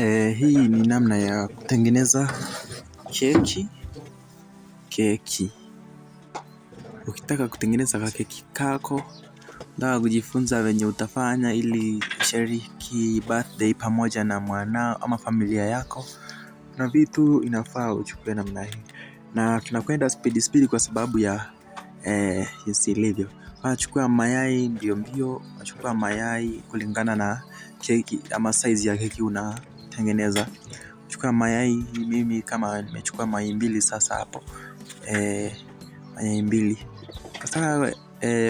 Eh, hii ni namna ya kutengeneza keki. Keki ukitaka kutengeneza keki kako, ndio kujifunza venye utafanya ili shiriki birthday pamoja na mwanao ama familia yako na vitu, inafaa uchukue namna hii, na tunakwenda speed speed kwa sababu ya eh, jinsi ilivyo. Unachukua mayai mbio mbio, unachukua mayai kulingana na keki ama size ya keki una kutengeneza. Chukua mayai mimi kama nimechukua mayai mbili sasa hapo. Mayai mbili. Sasa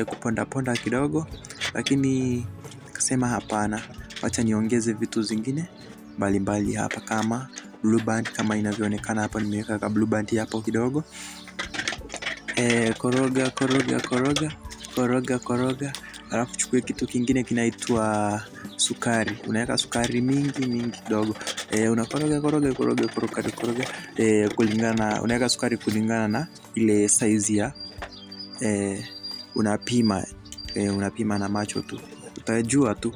kuponda ponda kidogo lakini nikasema hapana. Wacha niongeze vitu zingine mbalimbali mbali hapa kama blue band kama inavyoonekana hapa nimeweka ka blue band hapo kidogo. Koroga koroga koroga koroga koroga. Alafu chukue kitu kingine kinaitwa sukari, unaweka sukari mingi mingi kidogo e, unakoroga koroga koroga koroga koroga e, kulingana, unaweka sukari kulingana na ile size ya e, unapima e, unapima na macho tu utajua tu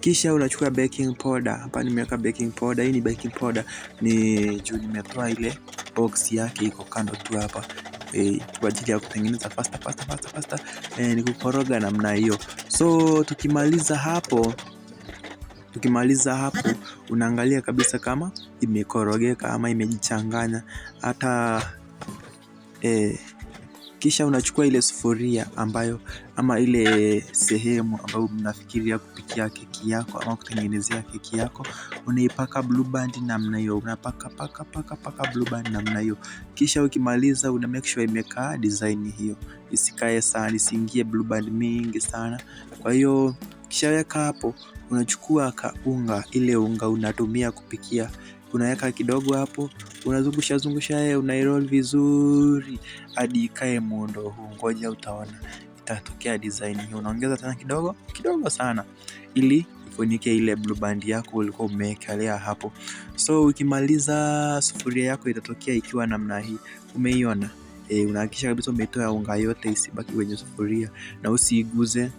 kisha unachukua baking powder. Hapa nimeweka baking powder. Hii ni baking powder ni juu nimetoa ile box yake iko kando tu hapa. Eh, kwa ajili ya kutengeneza pasta pasta pasta pasta e, ni kukoroga namna hiyo. So tukimaliza hapo tukimaliza hapo unaangalia kabisa kama imekorogeka ama imejichanganya hata eh, kisha unachukua ile sufuria ambayo ama ile sehemu ambayo mnafikiria kupikia keki yako ama kutengenezea keki yako, unaipaka blue band namna hiyo, unapaka paka paka paka blue band namna hiyo. Kisha ukimaliza una make sure imekaa design hiyo, isikae sana, isiingie blue band mingi sana. Kwa hiyo kishaweka hapo, unachukua kaunga, ile unga unatumia kupikia unaweka kidogo hapo, unazungusha zungusha, yeye unairoll vizuri hadi ikae muundo huu. Ngoja utaona itatokea design hii. Unaongeza tena kidogo kidogo sana, ili ifunike ile blue band yako ulikuwa umeekelea hapo. So ukimaliza, sufuria yako itatokea ikiwa namna hii, umeiona. E, unahakikisha kabisa umetoa unga yote isibaki kwenye sufuria na usiiguze.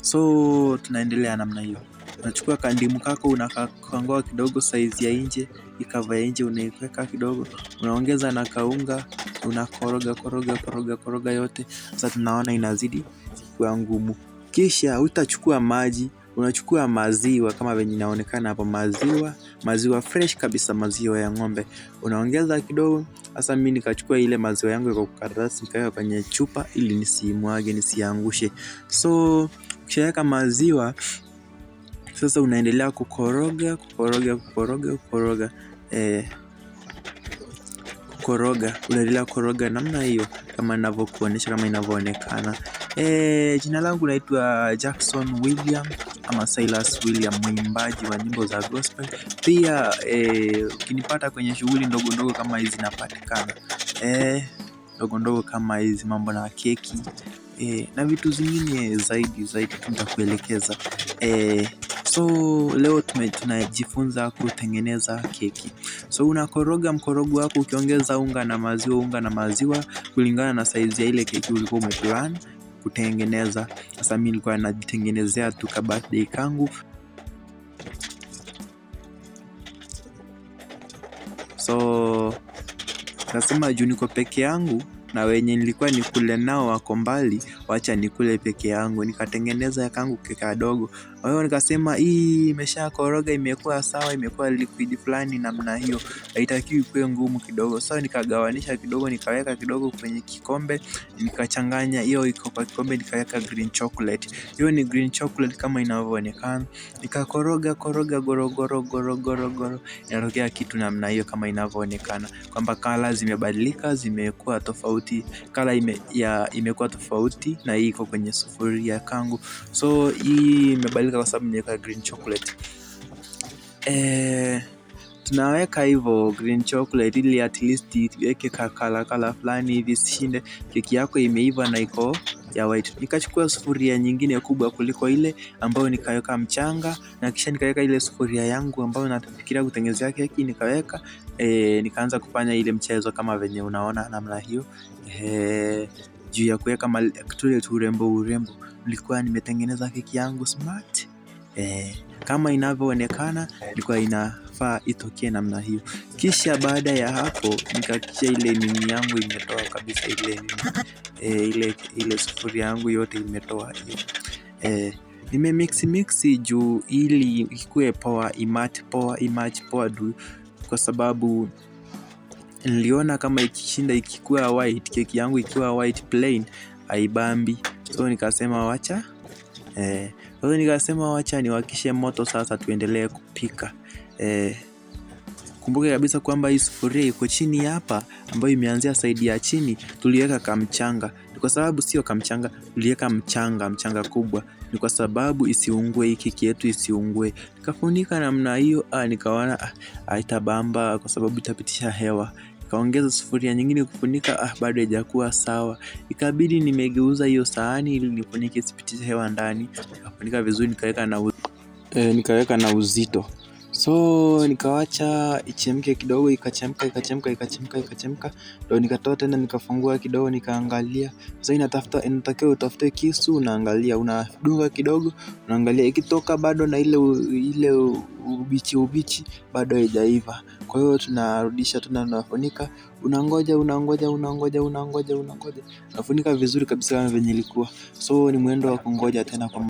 So tunaendelea namna hiyo. Unachukua kandimu kako unakakangoa kidogo saizi ya nje, ikava ya nje unaiweka kidogo, unaongeza na kaunga, unakoroga koroga koroga koroga yote. Sasa tunaona inazidi kuwa ngumu, kisha utachukua maji unachukua maziwa kama venye inaonekana hapo, maziwa maziwa fresh kabisa, maziwa ya ng'ombe unaongeza kidogo. Sasa mimi nikachukua ile maziwa yangu kwa karatasi nikaweka kwenye chupa ili nisimwage nisiangushe. So ukishaweka maziwa sasa unaendelea kukoroga kukoroga kukoroga kukoroga eh, kukoroga unaendelea kukoroga namna hiyo, kama ninavyokuonyesha, kama inavyoonekana. Eh, jina langu naitwa Jackson William ama Silas William, mwimbaji wa nyimbo za gospel. Pia eh, ukinipata kwenye shughuli ndogo ndogo kama hizi napatikana eh, ndogo ndogo kama hizi, mambo na keki eh, na vitu zingine zaidi zaidi tutakuelekeza eh. So leo tunajifunza kutengeneza keki. So unakoroga mkorogo wako ukiongeza unga na maziwa, unga na maziwa kulingana na saizi ya ile keki ulikuwa umeplan kutengeneza. Sasa mimi nilikuwa najitengenezea tu ka birthday kangu. So nasema juu niko peke yangu na wenye nilikuwa nikule nao wako mbali, wacha nikule peke yangu. Nikatengeneza kangu kekadogo kwa hiyo nikasema hii imeshakoroga, imekuwa sawa, imekuwa liquid fulani namna hiyo, haitakiwi ikuwe ngumu kidogo. Sasa so, nikagawanisha kidogo, nikaweka kidogo kwenye kikombe, nikachanganya hiyo iko kwa kikombe, nikaweka green chocolate. Hiyo ni green chocolate kama inavyoonekana, nikakoroga koroga gorogoro gorogoro goro, inatokea kitu namna hiyo kama inavyoonekana kwamba kala zimebadilika, zimekuwa tofauti, kala ime, ya imekuwa tofauti na hii iko kwenye sufuria kangu, so hii imebadilika kupika kwa sababu nimeweka green chocolate. Eh, tunaweka hivyo green chocolate ili at least iweke kakala kala fulani hivi sishinde keki yako imeiva na iko ya white. Nikachukua sufuria nyingine kubwa kuliko ile ambayo nikaweka mchanga na kisha nikaweka ile sufuria yangu ambayo nafikiria kutengenezea keki nikaweka, eh, nikaanza kufanya ile mchezo kama venye unaona namna hiyo, eh, juu ya kuweka tule tu urembo urembo nilikuwa nimetengeneza keki yangu smart eh, kama inavyoonekana ilikuwa inafaa itokee namna hiyo. Kisha baada ya hapo nikakisha ile nini yangu imetoa kabisa ile eh, ile ile sufuri yangu yote imetoa hiyo eh, nime mix mix juu ili ikue poa imat poa imat poa du, kwa sababu niliona kama ikishinda ikikuwa white, keki yangu ikiwa white plain aibambi. So nikasema wacha eh, so nikasema wacha niwakishe moto sasa, tuendelee kupika eh. Kumbuke kabisa kwamba hii sufuria iko chini hapa, ambayo imeanzia saidi ya chini, tuliweka kamchanga. Ni kwa sababu sio kamchanga, tuliweka mchanga, mchanga kubwa, ni kwa sababu isiungue, hiki kietu, isiungue. Nikafunika namna hiyo, ah, nikaona ah, itabamba kwa sababu itapitisha hewa nikaongeza sufuria nyingine kufunika. Ah, bado haijakuwa sawa, ikabidi nimegeuza hiyo sahani ili nifunike isipitishe hewa ndani, nikafunika vizuri, nikaweka na, e, nikaweka na uzito. So nikawacha ichemke kidogo, ikachemka ikachemka ikachemka ikachemka, ndo nikatoa tena nikafungua kidogo nikaangalia. Sasa inatafuta inatakiwa utafute kisu, unaangalia unadunga kidogo, unaangalia ikitoka bado na ile ile ubichi ubichi bado haijaiva. Kwa hiyo tunarudisha tena, unafunika, unangoja unangoja unangoja unangoja unangoja, unafunika vizuri kabisa kama venye ilikuwa. So ni mwendo wa kungoja tena kwa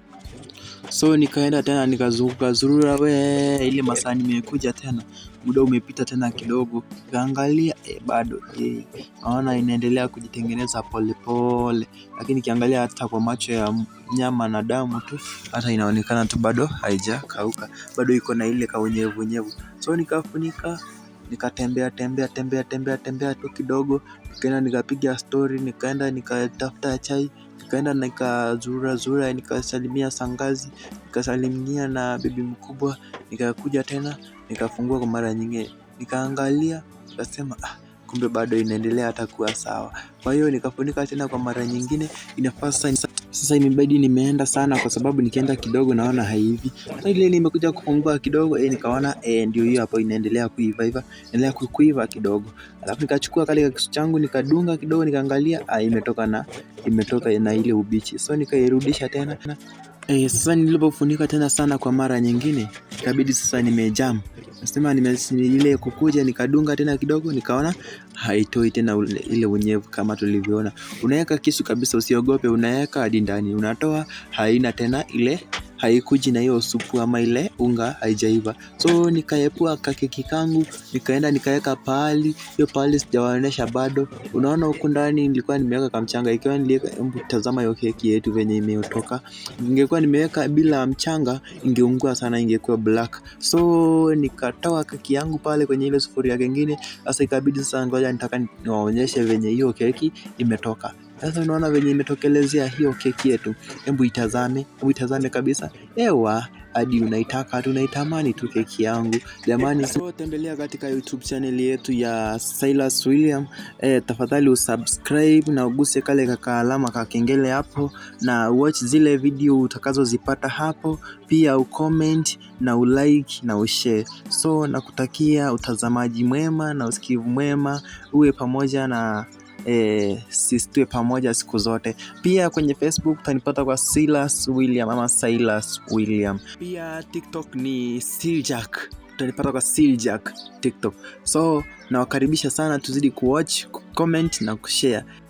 So nikaenda tena nikazunguka zurura, we ile masaa nimekuja tena, muda umepita tena kidogo, kaangalia e, eh, bado e, naona inaendelea kujitengeneza polepole, lakini kiangalia hata kwa macho ya nyama na damu tu, hata inaonekana tu bado haijakauka, bado iko na ile kaunyevunyevu. So nikafunika nikatembea tembea tembea tembea tembea tu kidogo, nikaenda nikapiga stori, nikaenda nikatafuta chai nikaenda nikazurazura, nikasalimia sangazi, nikasalimia na bibi mkubwa, nikakuja tena nikafungua kwa mara nyingine, nikaangalia nikasema ah, kumbe bado inaendelea hata kuwa sawa. Kwa hiyo nikafunika tena kwa mara nyingine inafaa sasa sasa imebidi nimeenda sana kwa sababu nikienda kidogo naona haivi. Sasa ile nimekuja kupungua kidogo eh, nikaona eh, ndio hiyo hapo inaendelea kuiva iva, inaendelea kuiva kidogo. Alafu nikachukua kale kisu changu nikadunga kidogo nikaangalia, ah, imetoka na imetoka na ile ubichi. So nikairudisha tena. Eh, sasa nilipofunika tena sana kwa mara nyingine, ikabidi sasa nimejam. Nasema nimesimilile kukuja nikadunga tena kidogo, nikaona haitoi tena ile unyevu kama tulivyoona. Unaweka kisu kabisa, usiogope, unaweka hadi ndani, unatoa, haina tena ile haikuji na hiyo supu ama ile unga haijaiva. So nikaepua kakeki kangu, nikaenda nikaweka pahali, hiyo pahali sijawaonyesha bado. Unaona huku ndani nilikuwa nimeweka kamchanga, ikiwa tazama hiyo keki yetu venye imeotoka, ingekuwa nimeweka bila mchanga ingeungua sana, ingekuwa black. So nikatoa keki yangu pale kwenye ile sufuria kengine, sasa ikabidi sasa, ngoja nitaka niwaonyeshe venye hiyo keki imetoka. Sasa unaona venye imetokelezea hiyo keki yetu. Hebu itazame, hebu itazame kabisa. Ewa, hadi unaitaka tunaitamani tu keki yangu jamani. So, tembelea katika YouTube channel yetu ya Silas William eh, tafadhali usubscribe na uguse kale kaka alama ka kengele hapo, na watch zile video utakazozipata hapo, pia ucomment na ulike na ushare. So nakutakia utazamaji mwema na usikivu mwema, uwe pamoja na e, eh, sistue pamoja siku zote. Pia kwenye Facebook utanipata kwa Silas William ama Silas William. Pia TikTok ni Siljack, utanipata kwa Siljack TikTok. So nawakaribisha sana, tuzidi kuwatch, kucomment na kushare.